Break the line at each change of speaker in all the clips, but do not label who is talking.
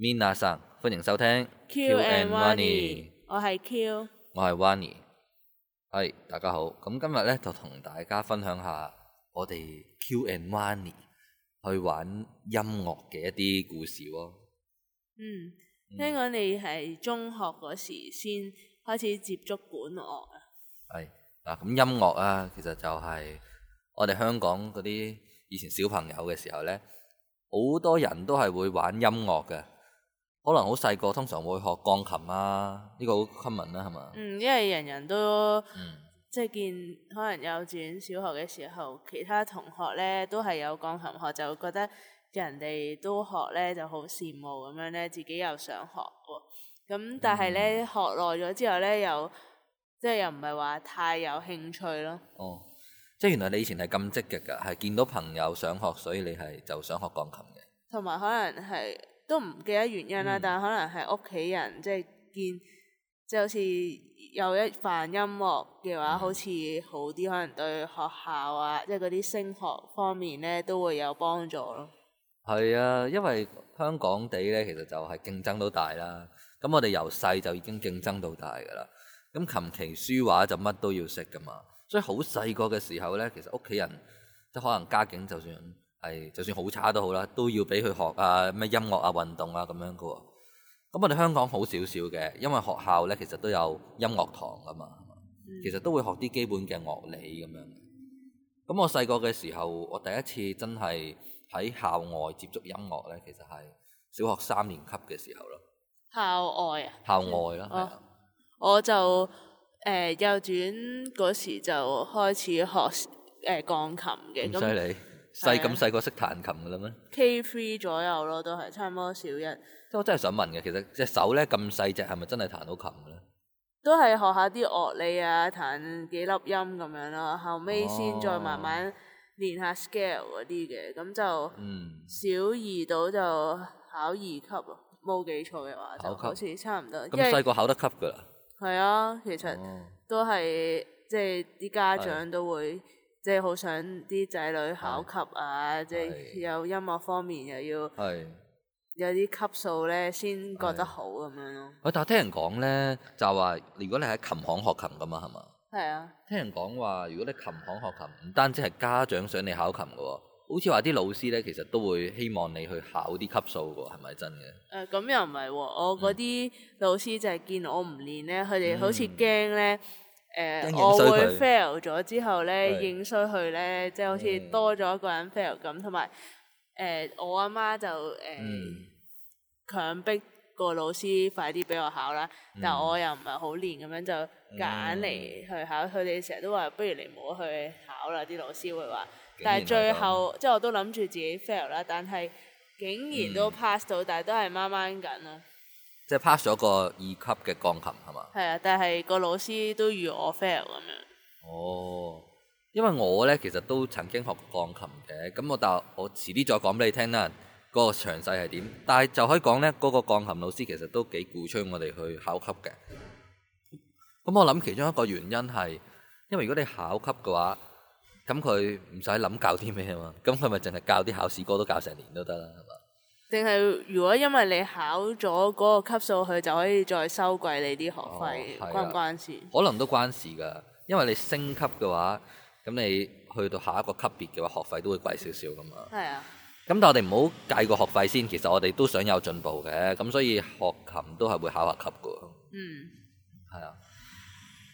Minna san，歡迎收聽。Q, Q and Wanny 我係是 Q，我係 Wanny，係大家好。咁今日咧就同大家分享下我哋 Q and Wanny 去玩音樂嘅一啲故事咯、
哦。嗯，聽講你係中學嗰時先開始接觸管樂啊？
係嗱、嗯，咁音樂啊，其實就係我哋香港嗰啲以前小朋友嘅時候咧，好多人都係會玩音樂嘅。可能好細個，通常會學鋼琴啊，呢、這個好 common 啦，係嘛？嗯，
因為人人都，嗯、即係見可能幼稚園、小學嘅時候，其他同學咧都係有鋼琴學，就覺得人哋都學咧就好羨慕咁樣咧，自己又想學，咁但係咧、嗯、學耐咗之後咧又即係又唔係話太有興趣咯。
哦，即係原來你以前係咁積極嘅，噶係見到朋友想學，所以你係就想學鋼琴嘅。
同埋可能係。都唔記得原因啦，嗯、但係可能係屋企人即係、就係、見，即、就、係、係、好似有一份音樂嘅話，嗯、好似好啲，可能對學校啊，即係嗰啲升學方面咧都會有幫助咯。
係啊，因為香港地咧，其實就係競爭都大啦。咁我哋由細就已經競爭到大噶啦。咁琴棋書畫就乜都要識噶嘛。所以好細個嘅時候咧，其實屋企人即可能家境就算。係，就算差好差都好啦，都要俾佢學啊，咩音樂啊、運動啊咁樣噶。咁我哋香港好少少嘅，因為學校咧其實都有音樂堂噶嘛，嗯、其實都會學啲基本嘅樂理咁樣。咁我細個嘅時候，我第一次真係喺校外接觸音樂咧，其實係小學三年級嘅時候咯。
校外啊？校外啦，係、嗯、啊我。我就誒幼稚園嗰時就開始學誒鋼琴嘅。咁犀利。細咁細
個識彈琴噶啦咩
？K three 左右咯，都係差唔多小一。
即我真係想問嘅，其實隻手咧咁細隻，係咪真係彈到琴嘅咧？
都係學下啲樂理啊，彈幾粒音咁樣咯。後尾先再慢慢練下 scale 嗰啲嘅，咁、oh. 就小二到就考二級咯，冇記錯嘅話就好似差唔多。咁細個
考得級噶啦？
係啊，其實都係即係啲家長都會。即係好想啲仔女考級啊！即係是有音樂方面又要有啲級數咧，先是覺得好咁樣
咯。的但係聽人講咧，就話如果你喺琴行學琴㗎嘛，係嘛？
係啊。
聽人講話，如果你琴行學琴，唔單止係家長想你考琴㗎喎，好似話啲老師咧，其實都會希望你去考啲級數㗎喎，係咪真嘅？
誒、啊，咁又唔係喎。我嗰啲老師就係見我唔練咧，佢哋、嗯、好似驚咧。呃、我會 fail 咗之後咧，應衰佢咧，即係好似多咗一個人 fail 咁，同埋、嗯呃、我阿媽,媽就誒、呃嗯、強逼個老師快啲俾我考啦，嗯、但係我又唔係好練咁樣，就夾硬嚟去考，佢哋成日都話不如你唔好去考啦，啲老師會話，但係最後即係我都諗住自己 fail 啦，但係竟然都 pass 到，嗯、但係都係掹掹緊咯。
即係 pass 咗個二級嘅鋼琴係嘛？
係啊，但係個老師都預我 fail 咁樣。
哦，因為我咧其實都曾經學過鋼琴嘅，咁我但我遲啲再講俾你聽啦，嗰個詳細係點。但係就可以講咧，嗰個鋼琴老師其實都幾鼓吹我哋去考級嘅。咁我諗其中一個原因係，因為如果你考級嘅話，咁佢唔使諗教啲咩啊嘛，咁佢咪淨係教啲考試歌都教成年都得啦。
定係如果因為你考咗嗰個級數，佢就可以再收貴你啲學費。哦，啊、關唔關事？
可能都關事㗎，因為你升級嘅話，咁你去到下一個級別嘅話，學費都會貴少少㗎嘛。係啊。咁但係我哋唔好計個學費先，其實我哋都想有進步嘅，咁所以學琴都係會考下級嘅。嗯。係啊。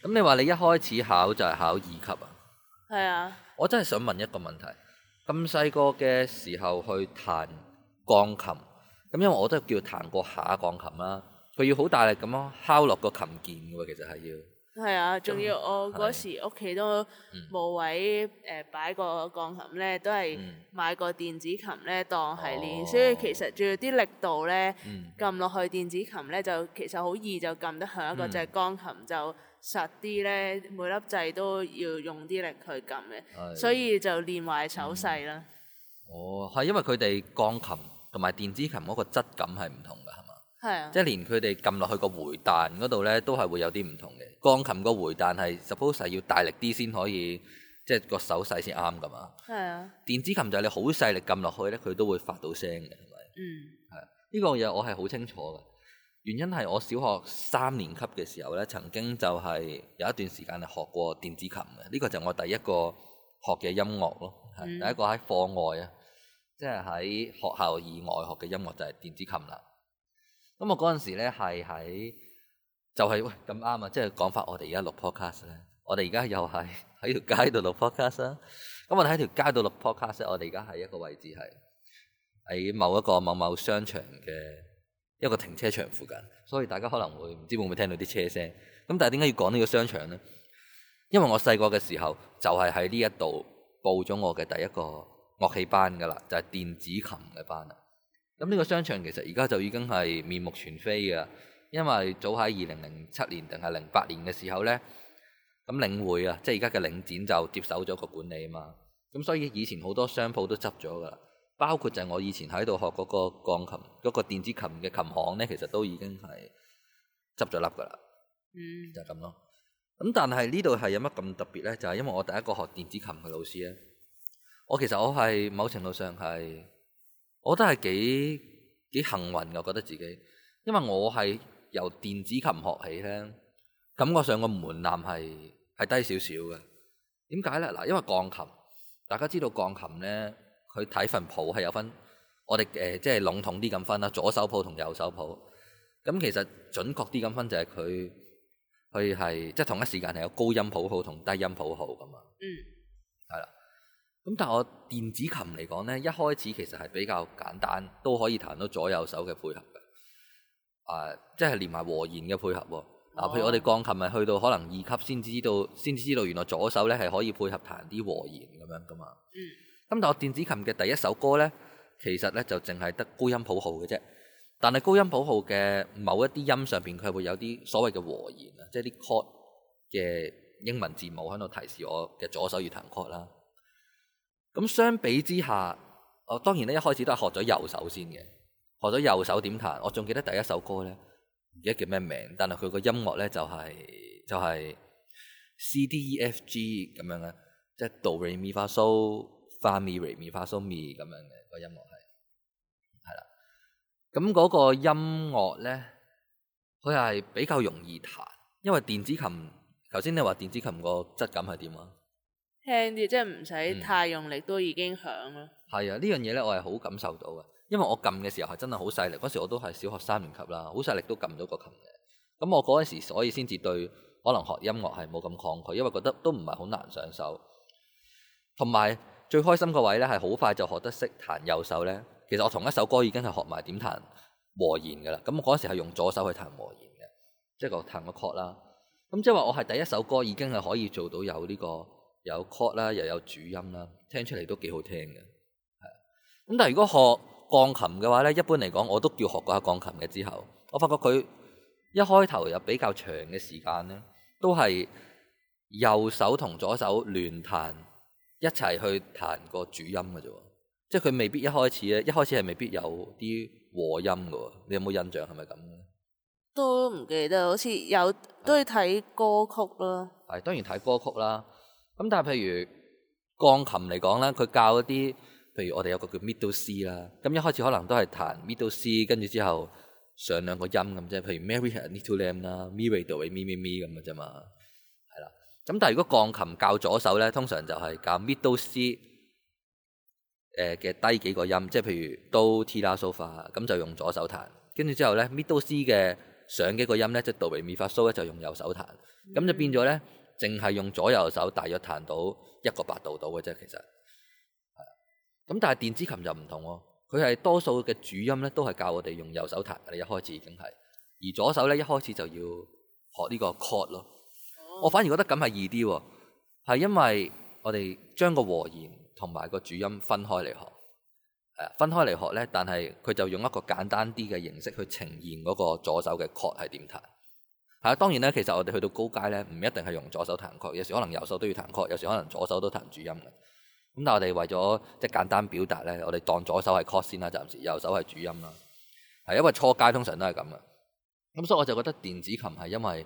咁你話你一開始考就係考二級啊？係啊。我真係想問一個問題：咁細個嘅時候去彈？鋼琴咁，因為我都叫彈過下鋼琴啦。佢要好大力咁咯，敲落個琴鍵嘅喎，其實係要。
係啊，仲要我嗰時屋企都冇位誒擺個鋼琴咧，嗯、都係買個電子琴咧當係練。哦、所以其實仲要啲力度咧，撳落、嗯、去電子琴咧就其實好易就撳得下，一個隻鋼琴就實啲咧，每粒掣都要用啲力去撳嘅，是所以就練壞手勢啦、嗯。
哦，係因為佢哋鋼琴。同埋電子琴嗰個質感係唔同嘅，係
嘛？係是啊，即係
連佢哋撳落去個回彈嗰度咧，都係會有啲唔同嘅。鋼琴個回彈係 suppose 係要大力啲先可以，即係個手勢先啱㗎嘛。係是啊，電子琴就係你好細力撳落去咧，佢都會發到聲嘅，係
咪？嗯，
係。呢個嘢我係好清楚嘅，原因係我小學三年級嘅時候咧，曾經就係有一段時間係學過電子琴嘅。呢、這個就係我第一個學嘅音樂咯，是嗯、第一個喺課外啊。即係喺學校以外學嘅音樂就係電子琴啦。咁我嗰陣時咧係喺，就係、是、喂咁啱啊！即係講翻我哋而家錄 podcast 咧，我哋而家又係喺條街度錄 podcast 啦。咁我哋喺條街度錄 podcast，我哋而家係一個位置係喺某一個某某商場嘅一個停車場附近，所以大家可能會唔知會唔會聽到啲車聲。咁但係點解要講呢個商場咧？因為我細個嘅時候就係喺呢一度報咗我嘅第一個樂器班噶啦，就係電子琴嘅班啦。咁呢個商場其實而家就已經係面目全非噶啦，因為早喺二零零七年定係零八年嘅時候呢，咁領匯啊，即係而家嘅領展就接手咗個管理啊嘛。咁所以以前好多商鋪都執咗噶啦，包括就係我以前喺度學嗰個鋼琴、嗰個電子琴嘅琴行呢，其實都已經係執咗笠噶啦。嗯，就係咁咯。咁但係呢度係有乜咁特別呢？就係因為我第一個學電子琴嘅老師咧。我其實我係某程度上係，我都係幾幾幸運嘅，覺得自己，因為我係由電子琴學起咧，感覺上個門檻係係低少少嘅。點解咧？嗱，因為鋼琴，大家知道鋼琴咧，佢睇份譜係有分，我哋誒即係籠統啲咁分啦，左手譜同右手譜。咁其實準確啲咁分就係佢，佢係即係同一時間係有高音譜號同低音譜號咁嘛。嗯。咁但係我電子琴嚟講咧，一開始其實係比較簡單，都可以彈到左右手嘅配合嘅，啊、呃，即係連埋和弦嘅配合喎。嗱，哦、譬如我哋鋼琴咪去到可能二級先知道，先知道原來左手咧係可以配合彈啲和弦咁樣噶嘛。嗯。咁但係我電子琴嘅第一首歌咧，其實咧就淨係得高音譜號嘅啫。但係高音譜號嘅某一啲音上邊，佢係會有啲所謂嘅和弦啊，即係啲 chord 嘅英文字母喺度提示我嘅左手要彈 chord 啦。咁相比之下，哦，當然咧，一開始都係學咗右手先嘅，學咗右手點彈。我仲記得第一首歌咧，唔記得叫咩名，但係佢個音樂咧就係就係 C D E F G 咁樣嘅，即係 Do Re Mi Fa So Fa Mi Re Mi Fa So Mi 咁樣嘅個音樂係，係啦。咁嗰個音樂咧，佢係比較容易彈，因為電子琴頭先你話電子琴個質感係點啊？
輕啲，即係唔使太用力、嗯、都已經響咯。
係啊，呢樣嘢咧，我係好感受到嘅，因為我撳嘅時候係真係好細力，嗰時我都係小學三年級啦，好細力都撳到個琴嘅。咁我嗰陣時所以先至對可能學音樂係冇咁抗拒，因為覺得都唔係好難上手。同埋最開心個位咧，係好快就學得識彈右手咧。其實我同一首歌已經係學埋點彈和弦噶啦。咁嗰陣時係用左手去彈和弦嘅，即係我彈個 chord 啦。咁即係話我係第一首歌已經係可以做到有呢個。有 call 啦，又有主音啦，聽出嚟都幾好聽嘅。咁但係如果學鋼琴嘅話咧，一般嚟講，我都叫學過下鋼琴嘅之後，我發覺佢一開頭有比較長嘅時間咧，都係右手同左手亂彈一齊去彈個主音嘅啫。即係佢未必一開始咧，一開始係未必有啲和音嘅。你有冇印象係咪咁咧？
是是都唔記得，好似有的都要睇歌曲啦。
係當然睇歌曲啦。咁但係譬如鋼琴嚟講咧，佢教一啲，譬如我哋有一個叫 Middle C 啦，咁一開始可能都係彈 Middle C，跟住之後上兩個音咁即係，譬如，如 Mary had a little lamb 啦，Middle do 咪咪咪咁嘅啫嘛，係啦。咁但係如果鋼琴教左手咧，通常就係教 Middle C，誒嘅低幾個音，即係譬如 Do Ti La So Fa，咁就用左手彈，跟住之後咧 Middle C 嘅上幾個音咧，即係 Do 咪咪法 So 咧，就用右手彈，咁、嗯、就變咗咧。淨係用左右手，大約彈到一個八度到嘅啫，其實。咁但係電子琴就唔同喎，佢係多數嘅主音咧，都係教我哋用右手彈，你一開始已經係。而左手呢，一開始就要學呢個 chord 咯。哦、我反而覺得咁係易啲喎，係因為我哋將個和弦同埋個主音分開嚟學，分開嚟學呢，但係佢就用一個簡單啲嘅形式去呈現嗰個左手嘅 chord 係點彈。啊，當然咧，其實我哋去到高階咧，唔一定係用左手彈曲，有時可能右手都要彈曲，有時可能左手都彈主音嘅。咁但係我哋為咗即係簡單表達咧，我哋當左手係確先啦，暫時右手係主音啦。係因為初階通常都係咁嘅，咁所以我就覺得電子琴係因為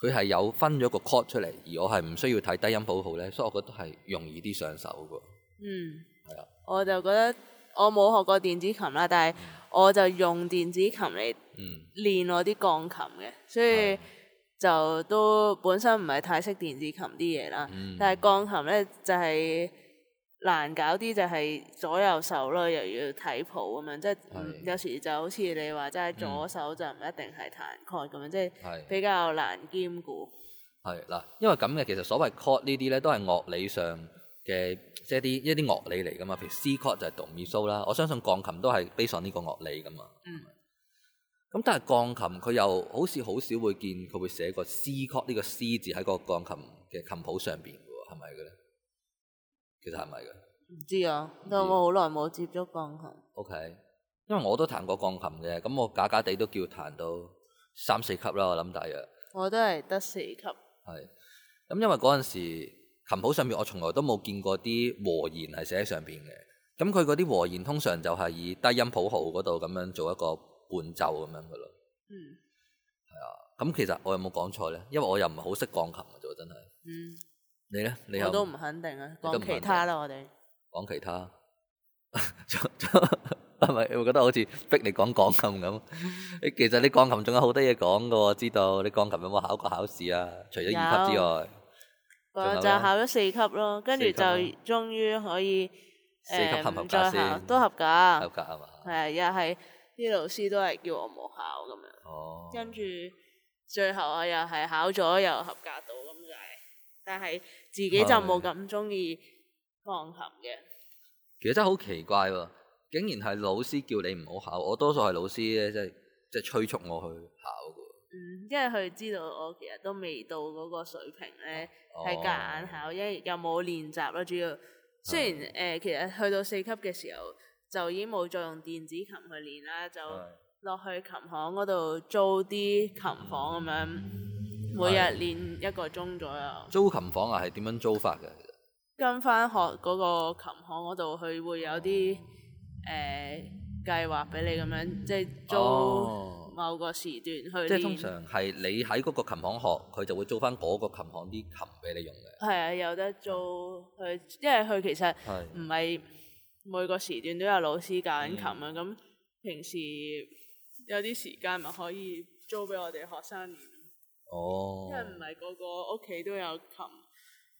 佢係有分咗個確出嚟，而我係唔需要睇低音譜號咧，所以我覺得係容易啲上手嘅。
嗯，係啊的，我就覺得。我冇學過電子琴啦，但係我就用電子琴嚟練我啲鋼琴嘅，所以就都本身唔係太識電子琴啲嘢啦。嗯、但係鋼琴咧就係難搞啲，就係左右手咯，又要睇譜咁樣，即係、嗯、有時就好似你話，即係、嗯、左手就唔一定係彈 chord 咁樣，即、就、係、是、比較難兼顧。
係嗱，因為咁嘅，其實所謂 chord 呢啲咧，都係樂理上嘅。即係啲一啲樂理嚟噶嘛，譬如 C chord 就係讀咪蘇啦。嗯、我相信鋼琴都係 based on 呢個樂理噶嘛。嗯。咁但係鋼琴佢又好似好少會見佢會寫個 C chord 呢個 C 字喺個鋼琴嘅琴譜上邊，係咪嘅咧？其實係咪嘅？
唔知道啊，但我好耐冇接觸鋼琴。
OK，因為我都彈過鋼琴嘅，咁我假假地都叫彈到三四級啦，我諗大約。
我都係得四級。
係。咁、嗯、因為嗰陣時候。琴譜上面我從來都冇見過啲和弦係寫喺上邊嘅，咁佢嗰啲和弦通常就係以低音譜號嗰度咁樣做一個伴奏咁樣噶咯。嗯，係啊，咁其實我有冇講錯咧？因為我又唔係好識鋼琴嘅啫，真係。嗯，你咧？你呢我都唔肯定啊。講其他啦，我哋講其他，係 咪？ 我覺得好似逼你講鋼琴咁。 其實你鋼琴仲有好多嘢講噶喎，我知道。你鋼琴有冇考過考試啊？除咗二級之外。啊、我就
考咗四級咯，跟住就終於可以誒級、啊呃、級合格，都合格，係啊，又係啲老師都係叫我冇考咁樣哦，跟住最後我又係考咗又合格到咁就係，但係自己就冇咁中意鋼琴嘅。
其實真係好奇怪喎、啊，竟然係老師叫你唔好考，我多數係老師咧，即係即係催促我去考。
嗯、因為佢知道我其實都未到嗰個水平咧，係夾、哦、硬考，因為又冇練習啦。主要雖然誒、嗯呃，其實去到四級嘅時候就已經冇再用電子琴去練啦，就落去琴行嗰度租啲琴房咁樣，嗯、每日練一個鐘左右。
租琴房啊，係點樣租法嘅？
跟返學嗰個琴行嗰度，佢會有啲誒、嗯呃、計劃俾你咁樣，即係租、哦。某個時段去，即係通常
係你喺嗰個琴行學，佢就會租翻嗰個琴行啲琴俾你用嘅。
係啊，有得租，佢因為佢其實唔係每個時段都有老師教緊琴啊。咁、嗯、平時有啲時間咪可以租俾我哋學生哦，即係唔係個個屋企都有琴。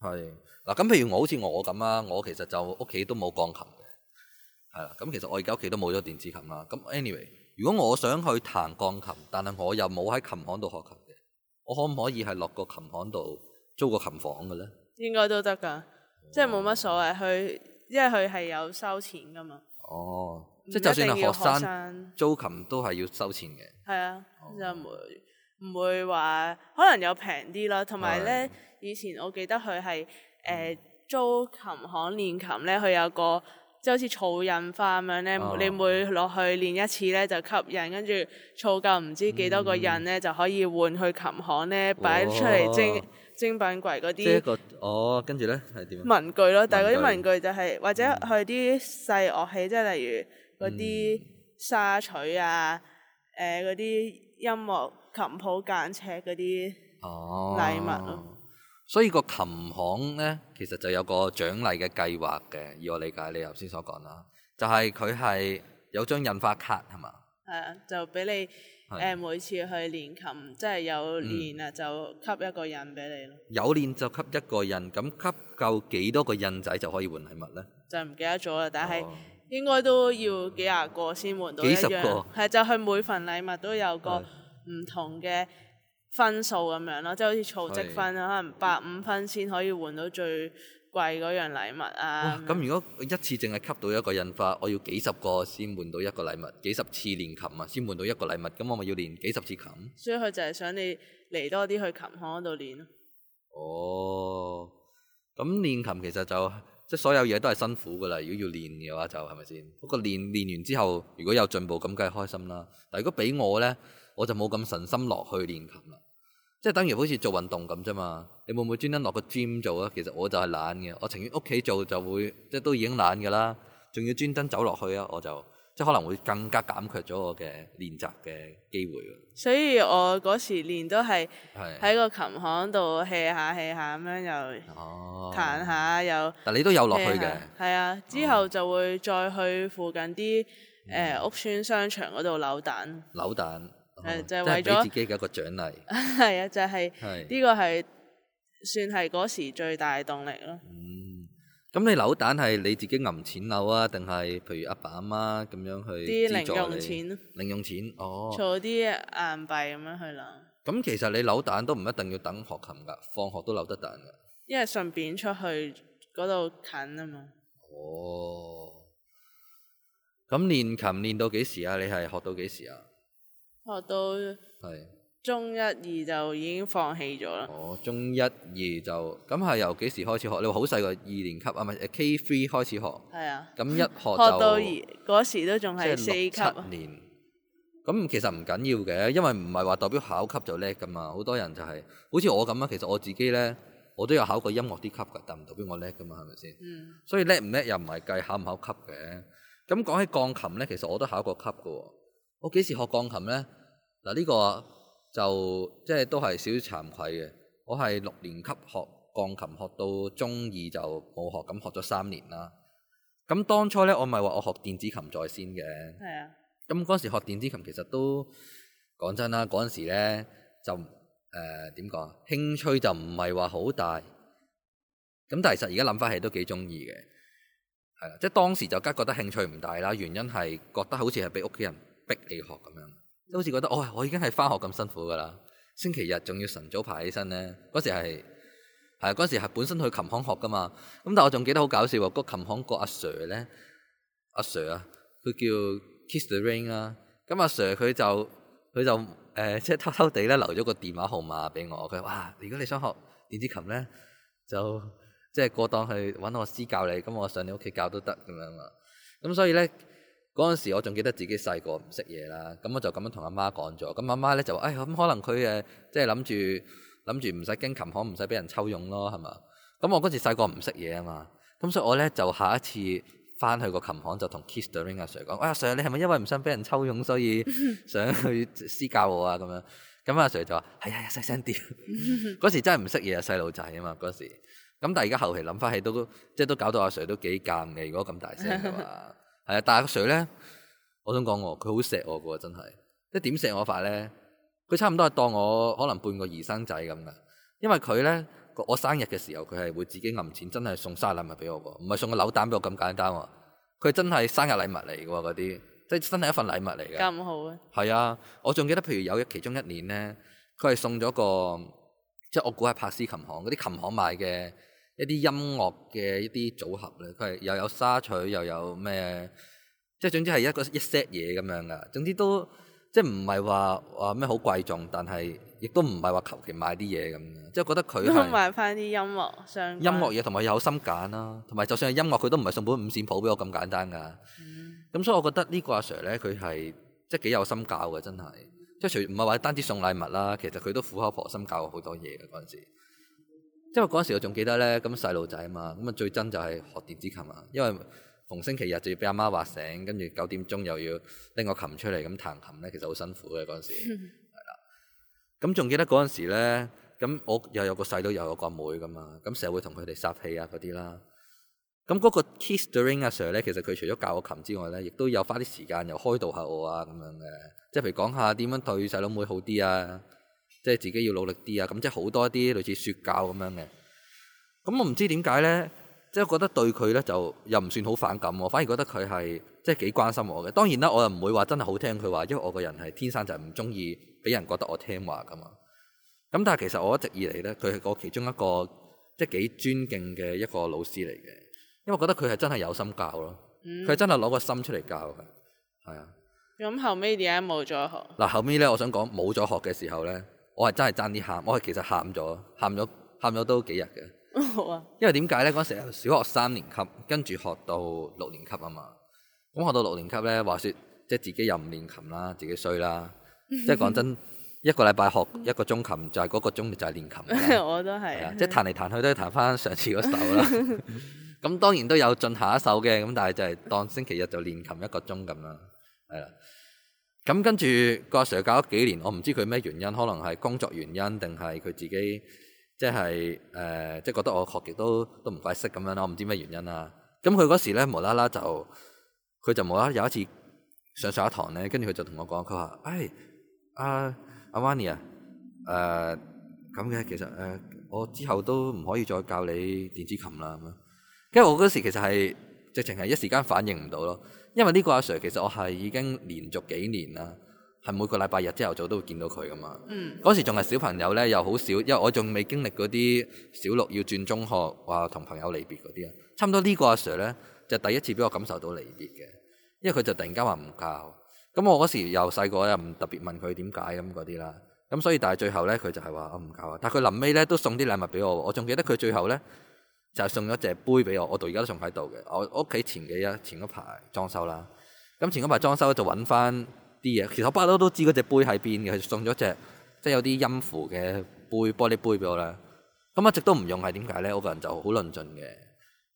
係嗱，咁譬如我好似我咁啊，我其實就屋企都冇鋼琴嘅，係啦。咁其實我而家屋企都冇咗電子琴啦。咁 anyway。如果我想去彈鋼琴，但係我又冇喺琴行度學琴嘅，我可唔可以係落個琴行度租個琴房嘅咧？
應該都得噶。嗯、即係冇乜所謂。佢因為佢係有收錢噶嘛。
哦，即係就算係學生，學生租琴都係要收錢嘅。
係啊，哦、就唔會唔會話可能有平啲啦。同埋咧，以前我記得佢係誒租琴行練琴咧，佢有個。即係好似儲印花咁樣咧，哦、你每落去練一次咧就吸印，跟住儲夠唔知幾多個印咧就可以換去琴行咧擺、嗯、出嚟精精品櫃嗰啲。哦，跟
住咧係點，樣文具咯，但係嗰啲文
具就係、是嗯、或者去啲細樂器，即係例如嗰啲沙槌啊，誒嗰啲音樂琴譜間尺嗰啲
禮物、啊。哦。所以個琴行咧，其實就有個獎勵嘅計劃嘅，以我理解你頭先所講啦，就係佢係有張印花卡係嘛？
係啊，就俾你誒每次去練琴，係嘅即係有練啊，就吸一個印俾你咯。
有練就吸一個印，咁吸夠幾多個印仔就可以換禮物咧？
就唔記得咗啦，但係應該都要幾廿個先換到一樣。係、嗯、就係每份禮物都有個唔同嘅。分數咁樣咯，即係好似儲積分，是可能百五分先可以換到最貴嗰樣禮物啊！
咁、嗯、如果一次淨係吸到一個印花，我要幾十個先換到一個禮物，幾十次練琴啊，先換到一個禮物，咁我咪要練幾十次琴？
所以佢就係想你嚟多啲去琴行嗰度練咯。
哦，咁練琴其實就即係所有嘢都係辛苦噶啦，如果要練嘅話就，就係咪先？不過練練完之後，如果有進步，咁梗係開心啦。但如果俾我呢，我就冇咁神心落去練琴啦。即係等於好似做運動咁啫嘛，你會唔會專登落個 gym 做啊？其實我就係懶嘅，我情願屋企做就會，即係都已經懶嘅啦，仲要專登走落去啊！我就即係可能會更加減卻咗我嘅練習嘅機會。
所以我嗰時練都係喺個琴行度 hea 下 hea 下咁樣又彈下、哦、又下。但你都有落去嘅。係啊，的之後就會再去附近啲、嗯呃、屋村商場嗰度扭蛋。
扭蛋。
係、哦、就係、是、為咗，自
己嘅一個獎勵。
係啊，就係、是、呢個係、啊就是、算係嗰時最大嘅動力咯。
嗯，咁你扭蛋係你自己揞錢扭啊，定係譬如阿爸阿媽咁樣去啲零用錢、啊、零用錢哦。儲
啲硬幣咁樣去扭。
咁其實你扭蛋都唔一定要等學琴噶，放學都扭得蛋噶。
因為順便出去嗰度近啊嘛。
哦。咁練琴練到幾時啊？你係學到幾時啊？學到係
中一二就已經放棄咗啦。
哦，中一二就咁係由幾時開始學？你話好細個二年級啊？唔係 K three 開始學。
係啊。咁一學就嗰、嗯、時都仲係四級。七
年。咁其實唔緊要嘅，因為唔係話代表考級就叻噶嘛。好多人就係、是，好似我咁啊。其實我自己咧，我都有考過音樂啲級噶，但唔代表我叻噶嘛，係咪先？嗯。所以叻唔叻又唔係計考唔考級嘅。咁講起鋼琴咧，其實我都考過級噶。我幾時學鋼琴咧？嗱、這、呢個就即係都係少少慚愧嘅。我係六年級學鋼琴，學到中二就冇學，咁學咗三年啦。咁當初咧，我咪話我學電子琴在先嘅。係啊的。咁嗰陣時學電子琴其實都講真啦，嗰陣時咧就誒點講啊？興趣就唔係話好大。咁但係其實而家諗翻起都幾中意嘅，係啦。即係當時就梗覺得興趣唔大啦，原因係覺得好似係俾屋企人。逼你學咁樣，即好似覺得我、哦、我已經係翻學咁辛苦噶啦，星期日仲要晨早爬起身咧。嗰時係係嗰時係本身去琴行學噶嘛，咁但我仲記得好搞笑喎。那個、琴行個阿、啊、Sir 咧，阿、啊、Sir 啊，佢叫 Kiss the Ring 啊，咁、啊、阿 Sir 佢就佢就誒，即、呃、係偷偷地咧留咗個電話號碼俾我。佢話：如果你想學電子琴咧，就即係、就是、過檔去搵我師教你，咁我上你屋企教都得咁樣嘛。咁所以咧。嗰陣時我仲記得自己細個唔識嘢啦，咁我就咁樣同阿媽講咗，咁阿媽咧就話：哎咁、嗯、可能佢誒，即係諗住諗住唔使經琴行，唔使俾人抽傭咯，係嘛？咁我嗰時細個唔識嘢啊嘛，咁所以我咧就下一次翻去個琴行就同 Kiss the Ring 阿、啊、Sir 講：阿、啊、Sir 你係咪因為唔想俾人抽傭，所以想去私教我啊？咁樣，咁、嗯、阿、啊、Sir 就話：呀、哎、呀，細聲啲。嗰 時真係唔識嘢啊，細路仔啊嘛，嗰時。咁但係而家後期諗翻起都即係都搞到阿、啊、Sir 都幾尷嘅，如果咁大聲嘅話。係啊，但係個 sir 咧，我想講我，佢好錫我噶，真係即係點錫我的法咧？佢差唔多係當我可能半個兒生仔咁噶。因為佢咧，我生日嘅時候，佢係會自己揞錢真的的的真的的，真係送生日禮物俾我噶，唔係送個扭蛋俾我咁簡單。佢真係生日禮物嚟噶嗰啲，即係真係一份禮物嚟嘅。咁好啊！係啊，我仲記得譬如有一其中一年咧，佢係送咗個即係、就是、我估係柏斯琴行嗰啲琴行買嘅。一啲音樂嘅一啲組合咧，佢係又有沙錘又有咩，即係總之係一個一 set 嘢咁樣噶。總之都即係唔係話話咩好貴重，但係亦都唔係話求其買啲嘢咁。即係覺得佢係
買翻啲音樂
音樂嘢同埋有心揀啦、啊，同埋就算係音樂，佢都唔係送本五線譜俾我咁簡單噶。咁、嗯、所以，我覺得呢個阿 Sir 咧，佢係即係幾有心教嘅，真係、嗯、即係除唔係話單止送禮物啦，其實佢都苦口婆心教我好多嘢嘅嗰陣時。因為嗰陣時我仲記得咧，咁細路仔嘛，咁啊最憎就係學電子琴啊。因為逢星期日就要俾阿媽話醒，跟住九點鐘又要拎個琴出嚟咁彈琴咧，其實好辛苦嘅嗰陣時，係啦、嗯。咁仲記得嗰陣時咧，咁我又有個細佬又有個妹噶嘛，咁成日會同佢哋撒氣啊嗰啲啦。咁嗰、那個 Kiss During Ah Sir 咧，其實佢除咗教我琴之外咧，亦都有花啲時間又開導下我啊咁樣嘅。即係譬如講下點樣對細佬妹好啲啊。即係自己要努力啲啊！咁即係好多啲類似説教咁樣嘅。咁我唔知點解呢，即係覺得對佢呢就又唔算好反感喎，反而覺得佢係即係幾關心我嘅。當然啦，我又唔會話真係好聽佢話，因為我個人係天生就係唔中意俾人覺得我聽話噶嘛。咁但係其實我一直以嚟呢，佢係個其中一個即係幾尊敬嘅一個老師嚟嘅，因為我覺得佢係真係有心教咯，佢係、嗯、真係攞個心出嚟教嘅，係啊。
咁、嗯、後尾點解冇咗學？
嗱，後尾呢，我想講冇咗學嘅時候呢。我係真係爭啲喊，我係其實喊咗，喊咗喊咗都幾日嘅。 因為點解咧？嗰陣時係小學三年級，跟住學到六年級啊嘛。咁學到六年級咧，話説即係自己又唔練琴啦，自己衰啦。即係講真， 一個禮拜學一個鐘琴，就係嗰個鐘就係練琴嘅。
我都係是，即係彈
嚟彈去都係彈翻上次嗰首啦。咁 當然都有進下一首嘅，咁但係就係當星期日就練琴一個鐘咁啦。係啦。咁跟住個阿 sir 教咗幾年，我唔知佢咩原因，可能係工作原因定係佢自己，呃、即係即係覺得我學極都都唔快識咁樣，我唔知咩原因啦。咁佢嗰時咧無啦啦就，佢就無啦啦有一次上上一堂咧，跟住佢就同我講，佢、哎、話：，誒、啊、阿阿 Mania，誒咁嘅，其實誒、呃、我之後都唔可以再教你電子琴啦咁樣。因為我嗰時其實係。直情係一時間反應唔到咯，因為呢個阿 Sir 其實我係已經連續幾年啦，係每個禮拜日朝頭早都會見到佢噶嘛。嗰、嗯、時仲係小朋友咧，又好少，因為我仲未經歷嗰啲小六要轉中學，話同朋友離別嗰啲啊。差唔多呢個阿 Sir 咧，就第一次俾我感受到離別嘅，因為佢就突然間話唔教。咁我嗰時，小時又細個又唔特別問佢點解咁嗰啲啦。咁所以但係最後咧，佢就係話唔教啊。但係佢臨尾咧都送啲禮物俾我，我仲記得佢最後咧。就係送咗隻杯俾我，我到而家都仲喺度嘅。我屋企前幾日前嗰排裝修啦，咁前嗰排裝修就揾返啲嘢。其實我不嬲都知嗰隻杯喺邊嘅，佢送咗隻即係有啲音符嘅杯玻璃杯俾我啦。咁一直都唔用係點解咧？我個人就好論盡嘅，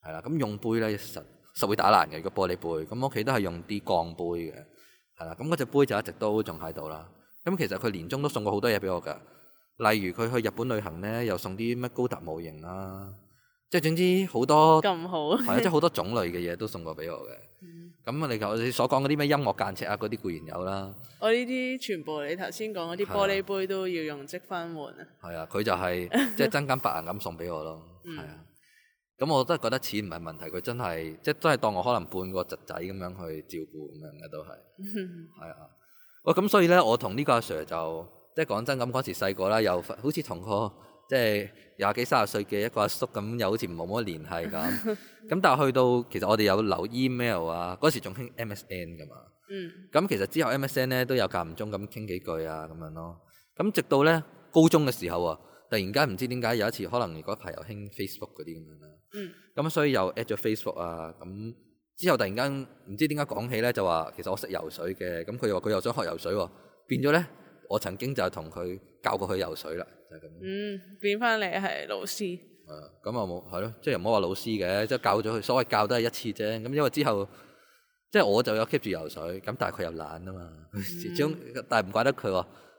係啦。咁用杯咧實實會打爛嘅個玻璃杯。咁屋企都係用啲鋼杯嘅，係啦。咁嗰隻杯就一直都仲喺度啦。咁其實佢年中都送過好多嘢俾我㗎，例如佢去日本旅行咧，又送啲乜高達模型啦、啊。即係總之好多，係啊麼，即係好多種類嘅嘢，都送過俾我嘅。咁、嗯、啊，你講你所講嗰啲咩音樂間尺啊，嗰啲固然有啦。
我呢啲全部你頭先講嗰啲玻璃杯、啊、都要用積分換啊。
係啊，佢就係、是、 即係真金白銀咁送俾我咯。係啊，咁、嗯、我都係覺得錢唔係問題，佢真係即係真係當我可能半個侄仔咁樣去照顧咁樣嘅都係。係、嗯、啊，哇、嗯！咁所以咧，我同呢個阿 Sir 就即係講真咁，嗰時細個啦，又好似同個。即係廿幾三十歲嘅一個阿叔，咁又好似冇乜聯繫咁。咁但係去到，其實我哋有留 email 啊，嗰時仲興 MSN 噶嘛。嗯。咁其實之後 MSN 咧都有間唔中咁傾幾句啊，咁樣咯。咁直到咧高中嘅時候啊，突然間唔知點解有一次，可能嗰排又興 Facebook 嗰啲咁樣啦。嗯。咁所以又 add 咗 Facebook 啊，咁之後突然間唔知點解講起咧，就話其實我識游水嘅，咁佢話佢又想學游水喎，變咗咧我曾經就係同佢教過佢游水啦。
就係咁樣嗯，變翻嚟係老師。誒、嗯，
咁啊冇係咯，即係又唔好話老師嘅，即係教咗佢。所謂教都係一次啫。咁因為之後，即係我就有 keep 住游水。咁但係佢又懶啊嘛。始終、嗯，但係唔怪得佢喎。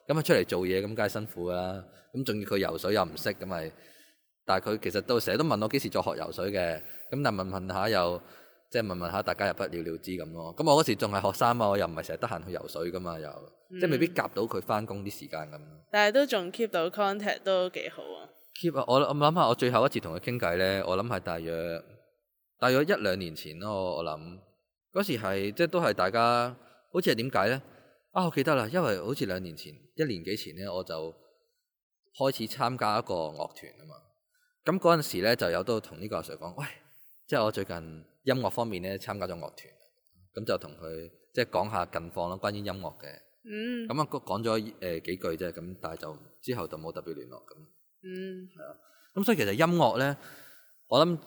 咁啊出嚟做嘢，咁梗係辛苦啦。咁仲要佢游水又唔識，咁咪。但係佢其實都成日都問我幾時再學游水嘅。咁但問問，問下又。即係問問下大家又不了了之咁咯，咁我嗰時仲係學生、啊、嘛，我又唔係成日得閒去游水噶嘛，又、嗯、即係未必夾到佢翻工啲時間咁。
但係都仲 keep 到 contact 都幾好啊
！keep 啊，我我諗下，我最後一次同佢傾偈咧，我諗係大約大約一兩年前咯。我諗嗰時係即係都係大家，好似係點解咧？啊，我記得啦，因為好似兩年前、一年幾前咧，我就開始參加一個樂團啊嘛。咁嗰陣時咧，就有都同呢個阿 Sir 講，喂。即係我最近音樂方面咧，參加咗樂團，咁就同佢即係講下近況啦，關於音樂嘅。嗯。咁啊講咗誒、呃、幾句啫，咁但係就之後就冇特別聯絡咁。嗯。係啊。咁所以其實音樂咧，我諗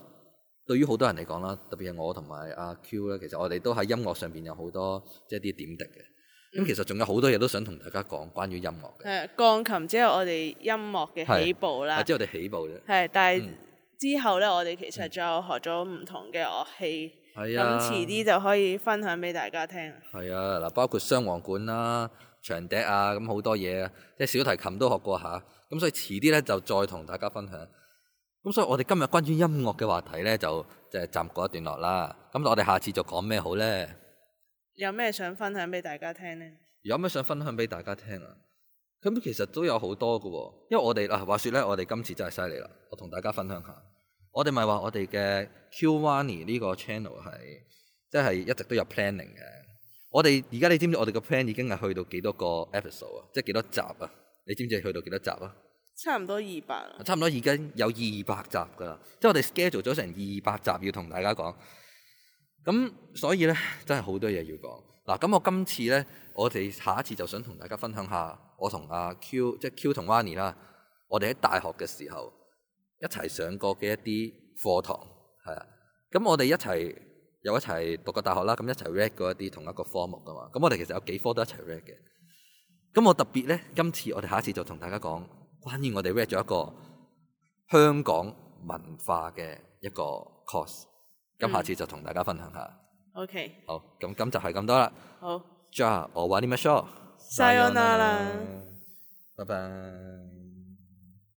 對於好多人嚟講啦，特別係我同埋阿 Q 咧，其實我哋都喺音樂上面有好多即係啲點滴嘅。咁、嗯、其實仲有好多嘢都想同大家講關於音樂
嘅。係鋼琴即係我哋音樂嘅起步啦。即係
我哋起步啫。
但之後咧，我哋其實就學咗唔同嘅樂器，
咁遲啲
就可以分享俾大家聽。
係啊，嗱，包括雙簧管啦、長笛啊，咁好多嘢啊，即係小提琴都學過下。咁所以遲啲咧就再同大家分享。咁所以我哋今日關於音樂嘅話題咧，就即係暫過一段落啦。咁我哋下次就講咩好咧？
有咩想分享俾大家聽咧？
有咩想分享俾大家聽啊？咁其實都有好多㗎喎、哦，因為我哋嗱，話說咧，我哋今次真係犀利啦，我同大家分享下。我哋咪話我哋嘅 Q、Wani 呢個 channel 係，即係一直都有 planning 嘅。我哋而家你知唔知我哋個 plan 已經係去到幾多個 episode 啊？即係幾多集啊？你知唔知去到幾多集啊？
差唔多二百。差唔
多已經有二百集噶啦，即係我哋 schedule 咗成二百集要同大家講。咁所以咧，真係好多嘢要講。嗱，咁我今次咧，我哋下一次就想同大家分享下我同阿 Q，即係 Q 同 Wani 啦。我哋喺大學嘅時候。一齊上過嘅一啲課堂，係啊，咁我哋一齊又一齊讀過大學啦，咁一齊 read 過一啲同一個科目噶嘛，咁我哋其實有幾科都一齊 read 嘅。咁我特別咧，今次我哋下一次就同大家講，關於我哋 read 咗一個香港文化嘅一個 course，咁下次就同大家分享下。
OK、嗯。
好，咁今集就係咁多啦。好。じゃ、おわりましょ
う。さよなら。
拜拜。